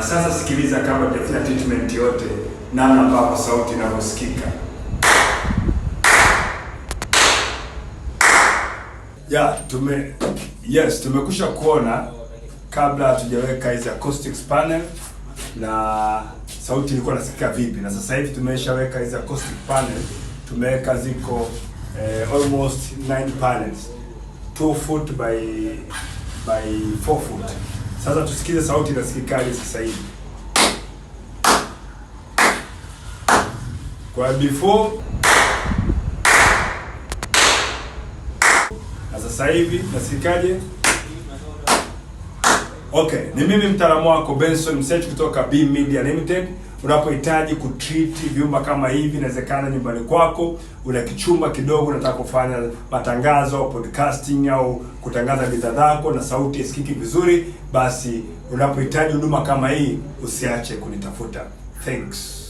Na sasa sikiliza kabla tafanya treatment yote, namna ambapo sauti inavyosikika. Yeah, tume yes, tumekusha kuona kabla hatujaweka hizi acoustics panel na sauti ilikuwa nasikika vipi, na sasa hivi tumeshaweka hizi acoustic panel, tumeweka ziko eh, almost 9 panels 2 foot by by 4 foot sasa tusikize sauti sikikali sasa hivi kwa before na sasa hivi nasikikaje? Okay, ni mimi mtaalamu wako Benson Msechu kutoka B Media Limited unapohitaji kutriti vyumba kama hivi. Inawezekana nyumbani kwako una kichumba kidogo, unataka kufanya matangazo, podcasting au kutangaza bidhaa zako na sauti isikike vizuri, basi unapohitaji huduma kama hii usiache kunitafuta. Thanks.